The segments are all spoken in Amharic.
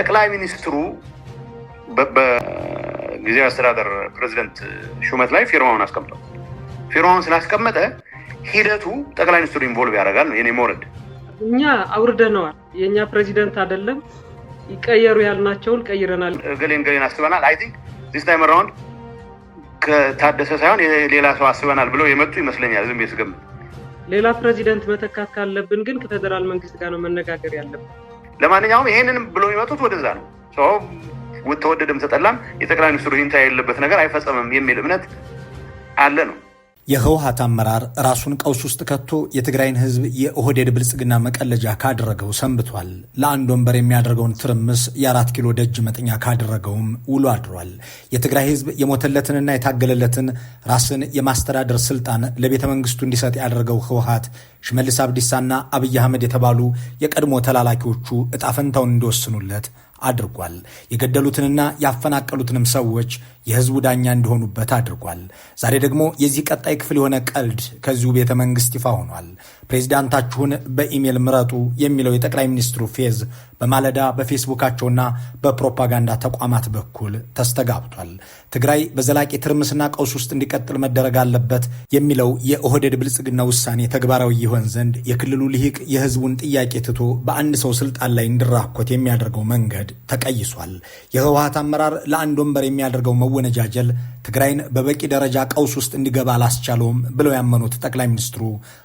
ጠቅላይ ሚኒስትሩ በጊዜ አስተዳደር ፕሬዚደንት ሹመት ላይ ፊርማውን አስቀምጠው ፊርማውን ስላስቀመጠ ሂደቱ ጠቅላይ ሚኒስትሩ ኢንቮልቭ ያደርጋል ነው የኔ መውረድ። እኛ አውርደነዋል። የእኛ ፕሬዚደንት አይደለም። ይቀየሩ ያልናቸውን ቀይረናል። ገሌን ገሌን አስበናል። አይ ቲንክ ዚስ ታይም ራውንድ ከታደሰ ሳይሆን ሌላ ሰው አስበናል ብለው የመጡ ይመስለኛል። ዝም የስገምት ሌላ ፕሬዚደንት መተካት ካለብን ግን ከፌደራል መንግስት ጋር ነው መነጋገር ያለብን። ለማንኛውም ይሄንን ብሎ የሚመጡት ወደዛ ነው። ሰው ተወደደም ተጠላም የጠቅላይ ሚኒስትሩ ሂንታ የሌለበት ነገር አይፈጸምም የሚል እምነት አለ ነው። የህወሀት አመራር ራሱን ቀውስ ውስጥ ከቶ የትግራይን ህዝብ የኦህዴድ ብልጽግና መቀለጃ ካደረገው ሰንብቷል። ለአንድ ወንበር የሚያደርገውን ትርምስ የአራት ኪሎ ደጅ መጥኛ ካደረገውም ውሎ አድሯል። የትግራይ ህዝብ የሞተለትንና የታገለለትን ራስን የማስተዳደር ስልጣን ለቤተ መንግስቱ እንዲሰጥ ያደረገው ህወሀት ሽመልስ አብዲሳና አብይ አህመድ የተባሉ የቀድሞ ተላላኪዎቹ እጣፈንታውን እንዲወስኑለት አድርጓል። የገደሉትንና ያፈናቀሉትንም ሰዎች የህዝቡ ዳኛ እንዲሆኑበት አድርጓል። ዛሬ ደግሞ የዚህ ቀጣይ ክፍል የሆነ ቀልድ ከዚሁ ቤተ መንግስት ይፋ ሆኗል። ፕሬዚዳንታችሁን በኢሜል ምረጡ የሚለው የጠቅላይ ሚኒስትሩ ፌዝ በማለዳ በፌስቡካቸውና በፕሮፓጋንዳ ተቋማት በኩል ተስተጋብቷል። ትግራይ በዘላቂ ትርምስና ቀውስ ውስጥ እንዲቀጥል መደረግ አለበት የሚለው የኦህደድ ብልጽግና ውሳኔ ተግባራዊ ይሆን ዘንድ የክልሉ ልሂቅ የህዝቡን ጥያቄ ትቶ በአንድ ሰው ስልጣን ላይ እንዲራኮት የሚያደርገው መንገድ ተቀይሷል። የህወሀት አመራር ለአንድ ወንበር የሚያደርገው መወነጃጀል ትግራይን በበቂ ደረጃ ቀውስ ውስጥ እንዲገባ አላስቻለውም ብለው ያመኑት ጠቅላይ ሚኒስትሩ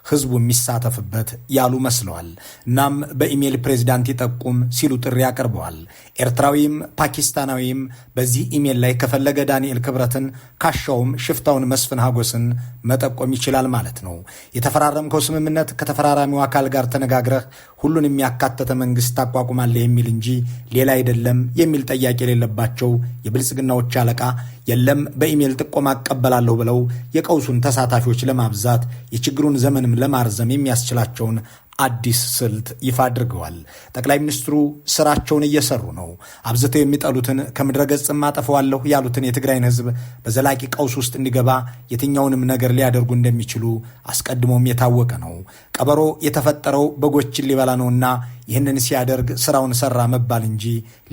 ህዝቡ የሚሳተፍበት ያሉ መስለዋል። እናም በኢሜይል ፕሬዚዳንት ይጠቁም ሲሉ ጥሪ አቅርበዋል። ኤርትራዊም ፓኪስታናዊም በዚህ ኢሜይል ላይ ከፈለገ ዳንኤል ክብረትን ካሻውም ሽፍታውን መስፍን ሀጎስን መጠቆም ይችላል ማለት ነው። የተፈራረምከው ስምምነት ከተፈራራሚው አካል ጋር ተነጋግረህ ሁሉን የሚያካተተ መንግስት ታቋቁማለህ የሚል እንጂ ሌላ አይደለም የሚል ጥያቄ የሌለባቸው የብልጽግናዎች አለቃ የለም በኢሜይል ጥቆማ አቀበላለሁ ብለው የቀውሱን ተሳታፊዎች ለማብዛት የችግሩን ዘመንም ለማርዘም የሚያስችላቸውን አዲስ ስልት ይፋ አድርገዋል። ጠቅላይ ሚኒስትሩ ስራቸውን እየሰሩ ነው። አብዝተው የሚጠሉትን ከምድረ ከምድረገጽም አጠፈዋለሁ ያሉትን የትግራይን ሕዝብ በዘላቂ ቀውስ ውስጥ እንዲገባ የትኛውንም ነገር ሊያደርጉ እንደሚችሉ አስቀድሞም የታወቀ ነው። ቀበሮ የተፈጠረው በጎችን ሊበላ ነውና ይህንን ሲያደርግ ስራውን ሰራ መባል እንጂ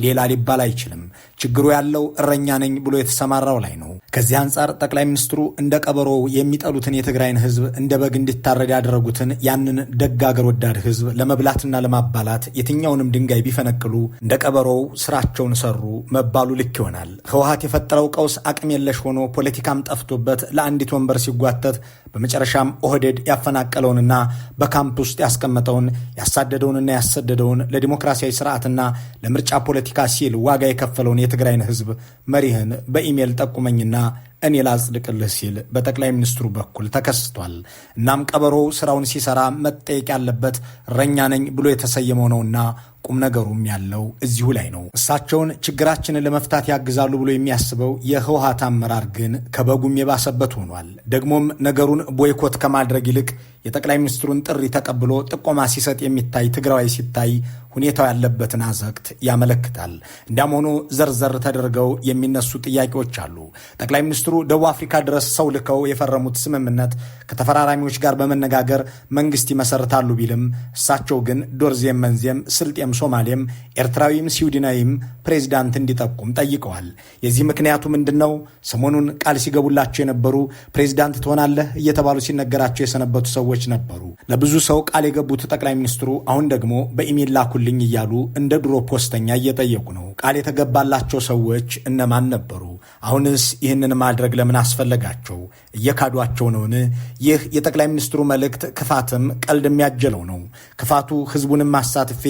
ሌላ ሊባል አይችልም። ችግሩ ያለው እረኛ ነኝ ብሎ የተሰማራው ላይ ነው። ከዚህ አንጻር ጠቅላይ ሚኒስትሩ እንደ ቀበሮው የሚጠሉትን የትግራይን ህዝብ እንደ በግ እንዲታረድ ያደረጉትን ያንን ደግ አገር ወዳድ ህዝብ ለመብላትና ለማባላት የትኛውንም ድንጋይ ቢፈነቅሉ እንደ ቀበሮው ስራቸውን ሰሩ መባሉ ልክ ይሆናል። ህወሀት የፈጠረው ቀውስ አቅም የለሽ ሆኖ ፖለቲካም ጠፍቶበት ለአንዲት ወንበር ሲጓተት በመጨረሻም ኦህዴድ ያፈናቀለውንና በካምፕ ውስጥ ያስቀመጠውን ያሳደደውንና ያሰ የተሰደደውን ለዲሞክራሲያዊ ስርዓትና ለምርጫ ፖለቲካ ሲል ዋጋ የከፈለውን የትግራይን ህዝብ መሪህን በኢሜይል ጠቁመኝና እኔ ላጽድቅልህ ሲል በጠቅላይ ሚኒስትሩ በኩል ተከስቷል። እናም ቀበሮው ስራውን ሲሰራ መጠየቅ ያለበት እረኛ ነኝ ብሎ የተሰየመው ነውና ቁም ነገሩም ያለው እዚሁ ላይ ነው። እሳቸውን ችግራችንን ለመፍታት ያግዛሉ ብሎ የሚያስበው የህወሀት አመራር ግን ከበጉም የባሰበት ሆኗል። ደግሞም ነገሩን ቦይኮት ከማድረግ ይልቅ የጠቅላይ ሚኒስትሩን ጥሪ ተቀብሎ ጥቆማ ሲሰጥ የሚታይ ትግራዋይ ሲታይ ሁኔታው ያለበትን አዘቅት ያመለክታል። እንዲያም ሆኖ ዘርዘር ተደርገው የሚነሱ ጥያቄዎች አሉ። ጠቅላይ ሚኒስትሩ ደቡብ አፍሪካ ድረስ ሰው ልከው የፈረሙት ስምምነት ከተፈራራሚዎች ጋር በመነጋገር መንግስት ይመሰርታሉ ቢልም እሳቸው ግን ዶርዜም መንዜም ስልጤም ኢትዮጵያም ሶማሌም ኤርትራዊም ስዊድናዊም ፕሬዚዳንት እንዲጠቁም ጠይቀዋል። የዚህ ምክንያቱ ምንድን ነው? ሰሞኑን ቃል ሲገቡላቸው የነበሩ ፕሬዚዳንት ትሆናለህ እየተባሉ ሲነገራቸው የሰነበቱ ሰዎች ነበሩ። ለብዙ ሰው ቃል የገቡት ጠቅላይ ሚኒስትሩ አሁን ደግሞ በኢሜል ላኩልኝ እያሉ እንደ ድሮ ፖስተኛ እየጠየቁ ነው። ቃል የተገባላቸው ሰዎች እነማን ነበሩ? አሁንስ ይህንን ማድረግ ለምን አስፈለጋቸው? እየካዷቸው ነውን? ይህ የጠቅላይ ሚኒስትሩ መልእክት ክፋትም ቀልድ የሚያጀለው ነው። ክፋቱ ህዝቡንም አሳትፌ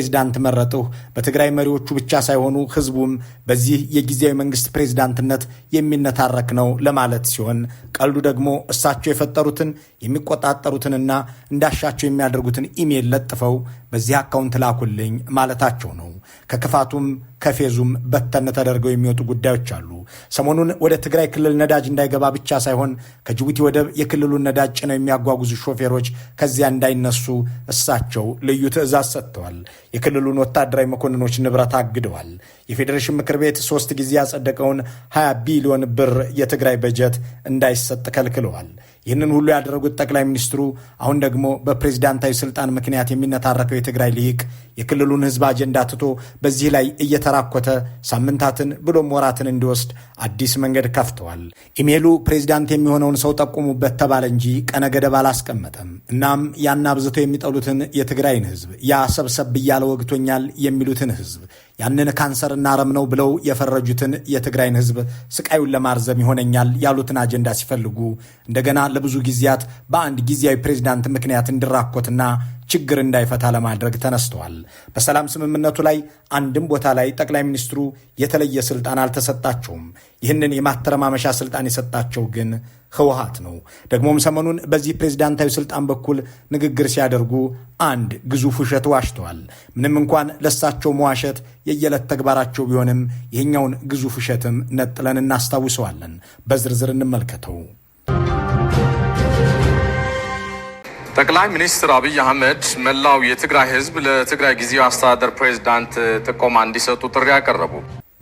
ፕሬዚዳንት መረጥሁ። በትግራይ መሪዎቹ ብቻ ሳይሆኑ ህዝቡም በዚህ የጊዜያዊ መንግስት ፕሬዚዳንትነት የሚነታረክ ነው ለማለት ሲሆን ቀልዱ ደግሞ እሳቸው የፈጠሩትን የሚቆጣጠሩትንና እንዳሻቸው የሚያደርጉትን ኢሜይል ለጥፈው በዚህ አካውንት ላኩልኝ ማለታቸው ነው። ከክፋቱም ከፌዙም በተን ተደርገው የሚወጡ ጉዳዮች አሉ። ሰሞኑን ወደ ትግራይ ክልል ነዳጅ እንዳይገባ ብቻ ሳይሆን ከጅቡቲ ወደብ የክልሉን ነዳጅ ጭነው የሚያጓጉዙ ሾፌሮች ከዚያ እንዳይነሱ እሳቸው ልዩ ትዕዛዝ ሰጥተዋል። የክልሉን ወታደራዊ መኮንኖች ንብረት አግደዋል። የፌዴሬሽን ምክር ቤት ሶስት ጊዜ ያጸደቀውን 20 ቢሊዮን ብር የትግራይ በጀት እንዳይሰጥ ከልክለዋል። ይህንን ሁሉ ያደረጉት ጠቅላይ ሚኒስትሩ አሁን ደግሞ በፕሬዝዳንታዊ ስልጣን ምክንያት የሚነታረከው የትግራይ ልሂቅ የክልሉን ህዝብ አጀንዳ ትቶ በዚህ ላይ እየተራኮተ ሳምንታትን ብሎም ወራትን እንዲወስድ አዲስ መንገድ ከፍተዋል። ኢሜሉ ፕሬዝዳንት የሚሆነውን ሰው ጠቁሙበት ተባለ እንጂ ቀነ ገደብ አላስቀመጠም። እናም ያን አብዝተው የሚጠሉትን የትግራይን ህዝብ ያ ሰብሰብ እያለ ወግቶኛል የሚሉትን ህዝብ ያንን ካንሰርና ረም ነው ብለው የፈረጁትን የትግራይን ህዝብ ስቃዩን ለማርዘም ይሆነኛል ያሉትን አጀንዳ ሲፈልጉ እንደገና ለብዙ ጊዜያት በአንድ ጊዜያዊ ፕሬዚዳንት ምክንያት እንዲራኮትና ችግር እንዳይፈታ ለማድረግ ተነስተዋል። በሰላም ስምምነቱ ላይ አንድም ቦታ ላይ ጠቅላይ ሚኒስትሩ የተለየ ስልጣን አልተሰጣቸውም። ይህንን የማተረማመሻ ስልጣን የሰጣቸው ግን ህወሀት ነው። ደግሞም ሰሞኑን በዚህ ፕሬዚዳንታዊ ስልጣን በኩል ንግግር ሲያደርጉ አንድ ግዙፍ ውሸት ዋሽተዋል። ምንም እንኳን ለሳቸው መዋሸት የየዕለት ተግባራቸው ቢሆንም ይህኛውን ግዙፍ ውሸትም ነጥለን እናስታውሰዋለን። በዝርዝር እንመልከተው። ጠቅላይ ሚኒስትር አብይ አህመድ መላው የትግራይ ህዝብ ለትግራይ ጊዜያዊ አስተዳደር ፕሬዝዳንት ጥቆማ እንዲሰጡ ጥሪ አቀረቡ።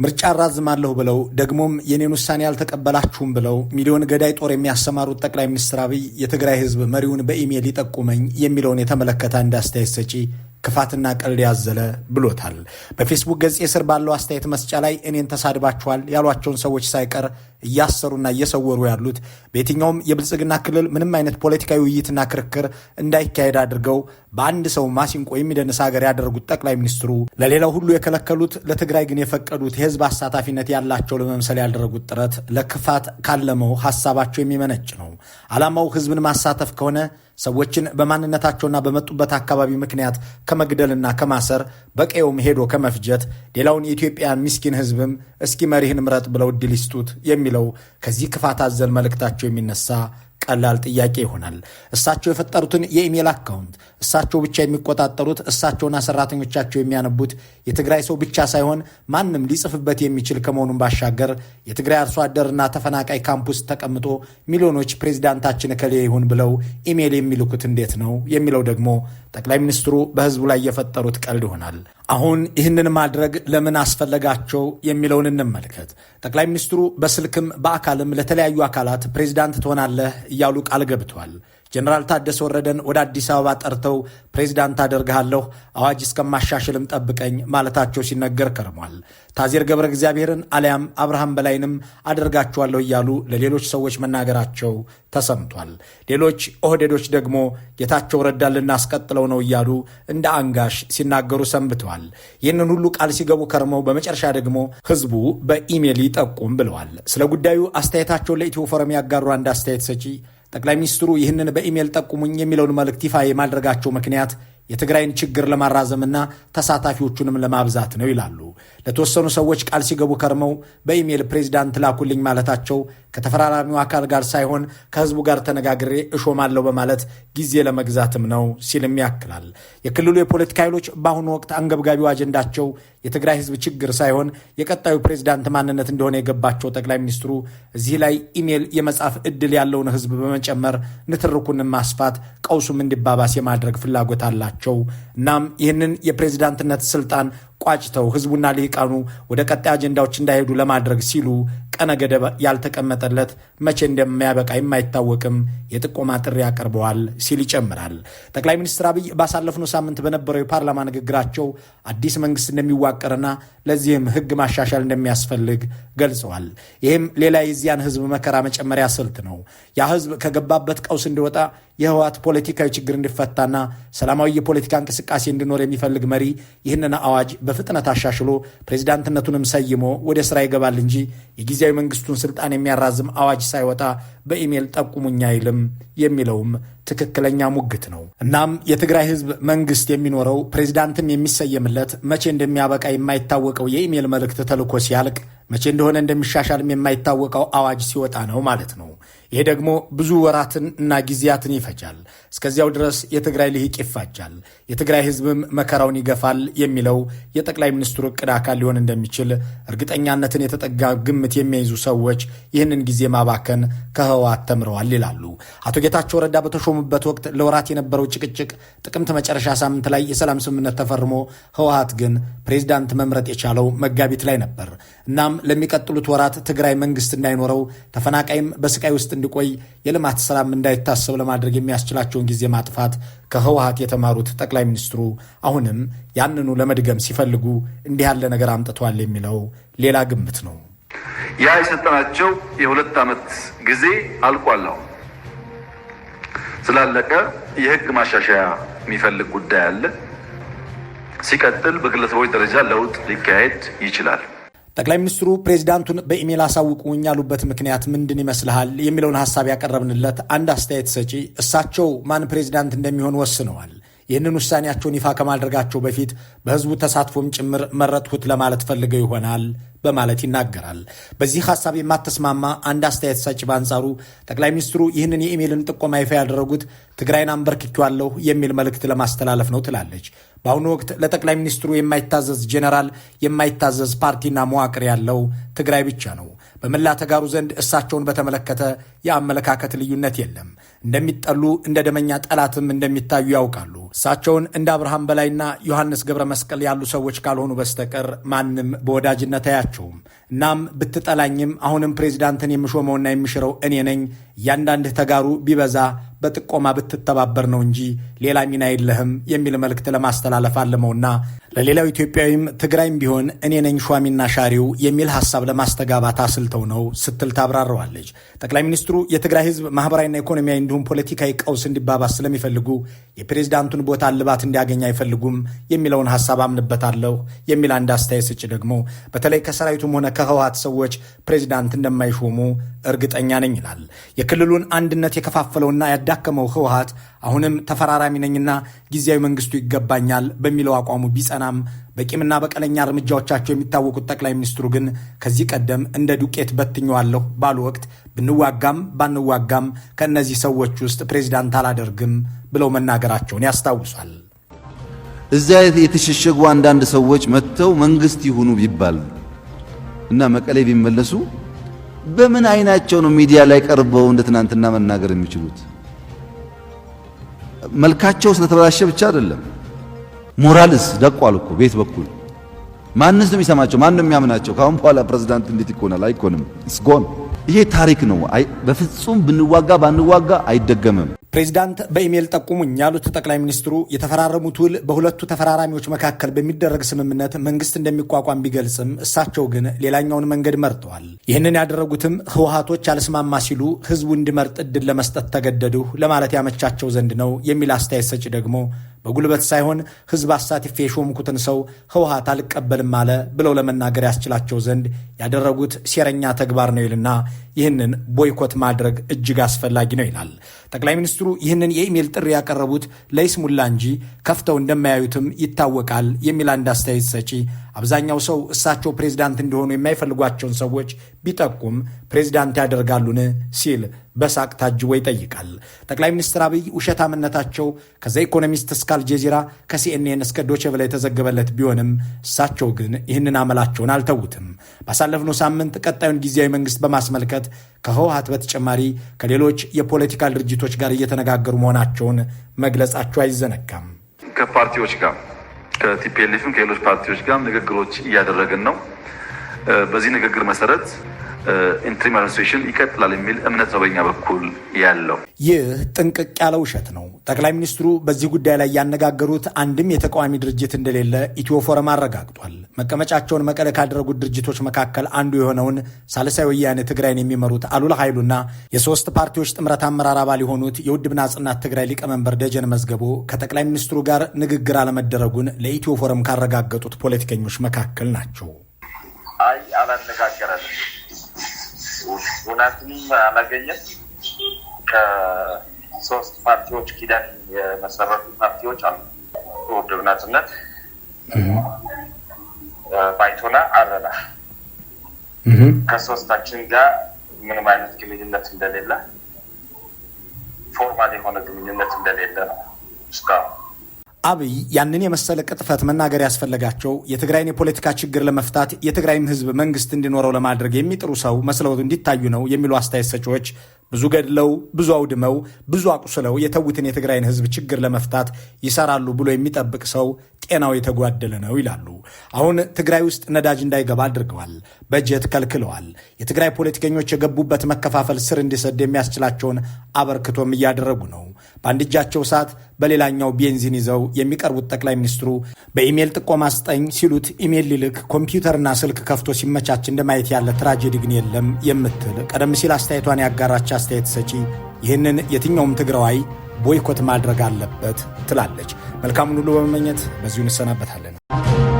ምርጫ አራዝማለሁ ብለው ደግሞም የኔን ውሳኔ አልተቀበላችሁም ብለው ሚሊዮን ገዳይ ጦር የሚያሰማሩት ጠቅላይ ሚኒስትር አብይ የትግራይ ህዝብ መሪውን በኢሜል ይጠቁመኝ የሚለውን የተመለከተ አንድ አስተያየት ሰጪ ክፋትና ቀልድ ያዘለ ብሎታል። በፌስቡክ ገጽ ስር ባለው አስተያየት መስጫ ላይ እኔን ተሳድባችኋል ያሏቸውን ሰዎች ሳይቀር እያሰሩና እየሰወሩ ያሉት በየትኛውም የብልጽግና ክልል ምንም አይነት ፖለቲካዊ ውይይትና ክርክር እንዳይካሄድ አድርገው በአንድ ሰው ማሲንቆ የሚደንስ ሀገር ያደረጉት ጠቅላይ ሚኒስትሩ ለሌላው ሁሉ የከለከሉት ለትግራይ ግን የፈቀዱት የህዝብ አሳታፊነት ያላቸው ለመምሰል ያደረጉት ጥረት ለክፋት ካለመው ሀሳባቸው የሚመነጭ ነው። ዓላማው ህዝብን ማሳተፍ ከሆነ ሰዎችን በማንነታቸውና በመጡበት አካባቢ ምክንያት ከመግደልና ከማሰር በቀየውም ሄዶ ከመፍጀት ሌላውን የኢትዮጵያን ምስኪን ህዝብም እስኪ መሪህን ምረጥ ብለው እድል ይስጡት የሚ የሚለው ከዚህ ክፋት አዘል መልእክታቸው የሚነሳ ቀላል ጥያቄ ይሆናል። እሳቸው የፈጠሩትን የኢሜል አካውንት እሳቸው ብቻ የሚቆጣጠሩት እሳቸውና ሰራተኞቻቸው የሚያነቡት የትግራይ ሰው ብቻ ሳይሆን ማንም ሊጽፍበት የሚችል ከመሆኑን ባሻገር የትግራይ አርሶ አደርና ተፈናቃይ ካምፕ ውስጥ ተቀምጦ ሚሊዮኖች ፕሬዚዳንታችን እከሌ ይሁን ብለው ኢሜል የሚልኩት እንዴት ነው የሚለው ደግሞ ጠቅላይ ሚኒስትሩ በህዝቡ ላይ የፈጠሩት ቀልድ ይሆናል። አሁን ይህንን ማድረግ ለምን አስፈለጋቸው የሚለውን እንመልከት። ጠቅላይ ሚኒስትሩ በስልክም በአካልም ለተለያዩ አካላት ፕሬዚዳንት ትሆናለህ እያሉ ቃል ገብቷል። ጀኔራል ታደሰ ወረደን ወደ አዲስ አበባ ጠርተው ፕሬዚዳንት አደርግሃለሁ አዋጅ እስከማሻሽልም ጠብቀኝ ማለታቸው ሲነገር ከርሟል። ታዜር ገብረ እግዚአብሔርን አሊያም አብርሃም በላይንም አደርጋችኋለሁ እያሉ ለሌሎች ሰዎች መናገራቸው ተሰምቷል። ሌሎች ኦህዴዶች ደግሞ ጌታቸው ረዳን ልናስቀጥለው ነው እያሉ እንደ አንጋሽ ሲናገሩ ሰንብተዋል። ይህንን ሁሉ ቃል ሲገቡ ከርመው በመጨረሻ ደግሞ ህዝቡ በኢሜል ይጠቁም ብለዋል። ስለ ጉዳዩ አስተያየታቸውን ለኢትዮ ፎረም ያጋሩ አንድ አስተያየት ሰጪ ጠቅላይ ሚኒስትሩ ይህንን በኢሜይል ጠቁሙኝ የሚለውን መልእክት ይፋ የማድረጋቸው ምክንያት የትግራይን ችግር ለማራዘምና ተሳታፊዎቹንም ለማብዛት ነው ይላሉ። ለተወሰኑ ሰዎች ቃል ሲገቡ ከርመው በኢሜይል ፕሬዚዳንት ላኩልኝ ማለታቸው ከተፈራራሚው አካል ጋር ሳይሆን ከህዝቡ ጋር ተነጋግሬ እሾማለሁ በማለት ጊዜ ለመግዛትም ነው ሲልም ያክላል። የክልሉ የፖለቲካ ኃይሎች በአሁኑ ወቅት አንገብጋቢው አጀንዳቸው የትግራይ ህዝብ ችግር ሳይሆን የቀጣዩ ፕሬዚዳንት ማንነት እንደሆነ የገባቸው ጠቅላይ ሚኒስትሩ እዚህ ላይ ኢሜል የመጻፍ እድል ያለውን ህዝብ በመጨመር ንትርኩን ማስፋት፣ ቀውሱም እንዲባባስ የማድረግ ፍላጎት አላቸው። እናም ይህንን የፕሬዚዳንትነት ስልጣን ቋጭተው ህዝቡና ልሂቃኑ ወደ ቀጣይ አጀንዳዎች እንዳይሄዱ ለማድረግ ሲሉ ቀነ ገደብ ያልተቀመጠለት መቼ እንደሚያበቃ የማይታወቅም የጥቆማ ጥሪ ያቀርበዋል ሲል ይጨምራል። ጠቅላይ ሚኒስትር አብይ ባሳለፍነው ሳምንት በነበረው የፓርላማ ንግግራቸው አዲስ መንግስት እንደሚዋቀርና ለዚህም ህግ ማሻሻል እንደሚያስፈልግ ገልጸዋል። ይህም ሌላ የዚያን ህዝብ መከራ መጨመሪያ ስልት ነው። ያ ህዝብ ከገባበት ቀውስ እንዲወጣ የህወሓት ፖለቲካዊ ችግር እንዲፈታና ሰላማዊ የፖለቲካ እንቅስቃሴ እንዲኖር የሚፈልግ መሪ ይህንን አዋጅ በፍጥነት አሻሽሎ ፕሬዚዳንትነቱንም ሰይሞ ወደ ስራ ይገባል እንጂ የጊዜ የጊዜያዊ መንግስቱን ስልጣን የሚያራዝም አዋጅ ሳይወጣ በኢሜይል ጠቁሙኝ አይልም የሚለውም ትክክለኛ ሙግት ነው። እናም የትግራይ ህዝብ መንግስት የሚኖረው ፕሬዚዳንትም የሚሰየምለት መቼ እንደሚያበቃ የማይታወቀው የኢሜል መልእክት ተልኮ ሲያልቅ መቼ እንደሆነ እንደሚሻሻልም የማይታወቀው አዋጅ ሲወጣ ነው ማለት ነው። ይሄ ደግሞ ብዙ ወራትን እና ጊዜያትን ይፈጃል። እስከዚያው ድረስ የትግራይ ልሂቅ ይፋጃል፣ የትግራይ ህዝብም መከራውን ይገፋል የሚለው የጠቅላይ ሚኒስትሩ እቅድ አካል ሊሆን እንደሚችል እርግጠኛነትን የተጠጋ ግምት የሚይዙ ሰዎች ይህንን ጊዜ ማባከን ከህወሓት ተምረዋል ይላሉ። አቶ ጌታቸው ረዳ በተሾሙ በሚያቆሙበት ወቅት ለወራት የነበረው ጭቅጭቅ ጥቅምት መጨረሻ ሳምንት ላይ የሰላም ስምምነት ተፈርሞ ህወሀት ግን ፕሬዚዳንት መምረጥ የቻለው መጋቢት ላይ ነበር። እናም ለሚቀጥሉት ወራት ትግራይ መንግስት እንዳይኖረው፣ ተፈናቃይም በስቃይ ውስጥ እንዲቆይ፣ የልማት ስራም እንዳይታሰብ ለማድረግ የሚያስችላቸውን ጊዜ ማጥፋት ከህወሀት የተማሩት ጠቅላይ ሚኒስትሩ አሁንም ያንኑ ለመድገም ሲፈልጉ እንዲህ ያለ ነገር አምጥቷል የሚለው ሌላ ግምት ነው። ያ የሰጠናቸው የሁለት ዓመት ጊዜ አልቋል። ስላለቀ የህግ ማሻሻያ የሚፈልግ ጉዳይ አለ። ሲቀጥል በግለሰቦች ደረጃ ለውጥ ሊካሄድ ይችላል። ጠቅላይ ሚኒስትሩ ፕሬዚዳንቱን በኢሜል አሳውቁኝ ያሉበት ምክንያት ምንድን ይመስልሃል? የሚለውን ሀሳብ ያቀረብንለት አንድ አስተያየት ሰጪ እሳቸው ማን ፕሬዚዳንት እንደሚሆን ወስነዋል ይህንን ውሳኔያቸውን ይፋ ከማድረጋቸው በፊት በህዝቡ ተሳትፎም ጭምር መረጥሁት ለማለት ፈልገው ይሆናል በማለት ይናገራል። በዚህ ሀሳብ የማተስማማ አንድ አስተያየት ሰጭ በአንጻሩ ጠቅላይ ሚኒስትሩ ይህንን የኢሜይልን ጥቆማ ይፋ ያደረጉት ትግራይን አንበርክኪዋለሁ የሚል መልእክት ለማስተላለፍ ነው ትላለች። በአሁኑ ወቅት ለጠቅላይ ሚኒስትሩ የማይታዘዝ ጄኔራል፣ የማይታዘዝ ፓርቲና መዋቅር ያለው ትግራይ ብቻ ነው። በመላ ተጋሩ ዘንድ እሳቸውን በተመለከተ የአመለካከት ልዩነት የለም። እንደሚጠሉ እንደ ደመኛ ጠላትም እንደሚታዩ ያውቃሉ። እሳቸውን እንደ አብርሃም በላይና ዮሐንስ ገብረ መስቀል ያሉ ሰዎች ካልሆኑ በስተቀር ማንም በወዳጅነት አያቸውም። እናም ብትጠላኝም አሁንም ፕሬዚዳንትን የምሾመውና የምሽረው እኔ ነኝ። እያንዳንድህ ተጋሩ ቢበዛ በጥቆማ ብትተባበር ነው እንጂ ሌላ ሚና የለህም የሚል መልእክት ለማስተላለፍ አለመውና ለሌላው ኢትዮጵያዊም ትግራይም ቢሆን እኔ ነኝ ሿሚና ሻሪው የሚል ሀሳብ ለማስተጋባት አስልተው ነው ስትል ታብራረዋለች። ጠቅላይ ሚኒስትሩ የትግራይ ህዝብ ማህበራዊና ኢኮኖሚያዊ እንዲሁም ፖለቲካዊ ቀውስ እንዲባባስ ስለሚፈልጉ የፕሬዚዳንቱን ቦታ እልባት እንዲያገኝ አይፈልጉም የሚለውን ሀሳብ አምንበታለሁ የሚል አንድ አስተያየት ስጭ ደግሞ በተለይ ከሰራዊቱም ሆነ ከህወሀት ሰዎች ፕሬዚዳንት እንደማይሾሙ እርግጠኛ ነኝ ይላል። የክልሉን አንድነት የከፋፈለውና ያዳከመው ህወሓት አሁንም ተፈራራሚ ነኝና ጊዜያዊ መንግስቱ ይገባኛል በሚለው አቋሙ ቢጸናም በቂምና በቀለኛ እርምጃዎቻቸው የሚታወቁት ጠቅላይ ሚኒስትሩ ግን ከዚህ ቀደም እንደ ዱቄት በትኘዋለሁ ባሉ ወቅት ብንዋጋም ባንዋጋም ከእነዚህ ሰዎች ውስጥ ፕሬዚዳንት አላደርግም ብለው መናገራቸውን ያስታውሷል። እዚያ የተሸሸጉ አንዳንድ ሰዎች መጥተው መንግስት ይሁኑ ቢባል እና መቀሌ ቢመለሱ በምን አይናቸው ነው ሚዲያ ላይ ቀርበው እንደ ትናንትና መናገር የሚችሉት? መልካቸው ስለተበላሸ ብቻ አይደለም። ሞራልስ ደቋል እኮ ቤት በኩል ማንስ ነው የሚሰማቸው? ማን ነው የሚያምናቸው? ካሁን በኋላ ፕሬዝዳንት እንዴት ይኮናል? አይኮንም። ስጎን ይሄ ታሪክ ነው። በፍጹም ብንዋጋ ባንዋጋ አይደገምም። ፕሬዚዳንት በኢሜይል ጠቁሙኝ ያሉት ጠቅላይ ሚኒስትሩ የተፈራረሙት ውል በሁለቱ ተፈራራሚዎች መካከል በሚደረግ ስምምነት መንግስት እንደሚቋቋም ቢገልጽም እሳቸው ግን ሌላኛውን መንገድ መርጠዋል። ይህንን ያደረጉትም ህወሀቶች አልስማማ ሲሉ ህዝቡ እንዲመርጥ እድል ለመስጠት ተገደዱ ለማለት ያመቻቸው ዘንድ ነው የሚል አስተያየት ሰጪ ደግሞ በጉልበት ሳይሆን ህዝብ አሳትፌ የሾምኩትን ሰው ህወሓት አልቀበልም አለ ብለው ለመናገር ያስችላቸው ዘንድ ያደረጉት ሴረኛ ተግባር ነው ይልና ይህንን ቦይኮት ማድረግ እጅግ አስፈላጊ ነው ይላል። ጠቅላይ ሚኒስትሩ ይህንን የኢሜል ጥሪ ያቀረቡት ለይስሙላ እንጂ ከፍተው እንደማያዩትም ይታወቃል የሚል አንድ አስተያየት ሰጪ አብዛኛው ሰው እሳቸው ፕሬዚዳንት እንደሆኑ የማይፈልጓቸውን ሰዎች ቢጠቁም ፕሬዚዳንት ያደርጋሉን ሲል በሳቅ ታጅቦ ይጠይቃል። ጠቅላይ ሚኒስትር አብይ ውሸታምነታቸው ከዘ ኢኮኖሚስት እስከ አልጀዚራ ከሲኤንኤን እስከ ዶቸቨላ የተዘገበለት ቢሆንም እሳቸው ግን ይህንን አመላቸውን አልተዉትም። ባሳለፍነው ሳምንት ቀጣዩን ጊዜያዊ መንግስት በማስመልከት ከህወሀት በተጨማሪ ከሌሎች የፖለቲካል ድርጅቶች ጋር እየተነጋገሩ መሆናቸውን መግለጻቸው አይዘነጋም። ከፓርቲዎች ጋር ከቲፒኤልኤፍም ከሌሎች ፓርቲዎች ጋር ንግግሮች እያደረግን ነው በዚህ ንግግር መሰረት ኢንትሪም አድሚኒስትሬሽን ይቀጥላል የሚል እምነት ነው በኛ በኩል ያለው። ይህ ጥንቅቅ ያለ ውሸት ነው። ጠቅላይ ሚኒስትሩ በዚህ ጉዳይ ላይ ያነጋገሩት አንድም የተቃዋሚ ድርጅት እንደሌለ ኢትዮ ፎረም አረጋግጧል። መቀመጫቸውን መቀለ ካደረጉት ድርጅቶች መካከል አንዱ የሆነውን ሳልሳይ ወያነ ትግራይን የሚመሩት አሉላ ኃይሉና የሶስት ፓርቲዎች ጥምረት አመራር አባል የሆኑት የውድብ ናጽናት ትግራይ ሊቀመንበር ደጀን መዝገቡ ከጠቅላይ ሚኒስትሩ ጋር ንግግር አለመደረጉን ለኢትዮ ፎረም ካረጋገጡት ፖለቲከኞች መካከል ናቸው። እንነጋገራለን። እውነትም አላገኘም። ከሶስት ፓርቲዎች ኪዳን የመሰረቱ ፓርቲዎች አሉ። ውድብ ናጽነት፣ ባይቶና፣ አረና ከሶስታችን ጋር ምንም አይነት ግንኙነት እንደሌለ ፎርማል የሆነ ግንኙነት እንደሌለ ነው እስካሁን አብይ ያንን የመሰለ ቅጥፈት መናገር ያስፈለጋቸው የትግራይን የፖለቲካ ችግር ለመፍታት የትግራይም ህዝብ መንግስት እንዲኖረው ለማድረግ የሚጥሩ ሰው መስለው እንዲታዩ ነው የሚሉ አስተያየት ሰጪዎች ብዙ ገድለው ብዙ አውድመው ብዙ አቁስለው የተዉትን የትግራይን ህዝብ ችግር ለመፍታት ይሰራሉ ብሎ የሚጠብቅ ሰው ጤናው የተጓደለ ነው ይላሉ። አሁን ትግራይ ውስጥ ነዳጅ እንዳይገባ አድርገዋል። በጀት ከልክለዋል። የትግራይ ፖለቲከኞች የገቡበት መከፋፈል ስር እንዲሰድ የሚያስችላቸውን አበርክቶም እያደረጉ ነው። በአንድ እጃቸው እሳት፣ በሌላኛው ቤንዚን ይዘው የሚቀርቡት ጠቅላይ ሚኒስትሩ በኢሜል ጥቆማ ስጠኝ ሲሉት ኢሜል ሊልክ ኮምፒውተርና ስልክ ከፍቶ ሲመቻች እንደማየት ያለ ትራጀዲ ግን የለም የምትል ቀደም ሲል አስተያየቷን ያጋራቻ አስተያየት ሰጪ ይህንን የትኛውም ትግራዋይ ቦይኮት ማድረግ አለበት ትላለች። መልካሙን ሁሉ በመመኘት በዚሁ እንሰናበታለን።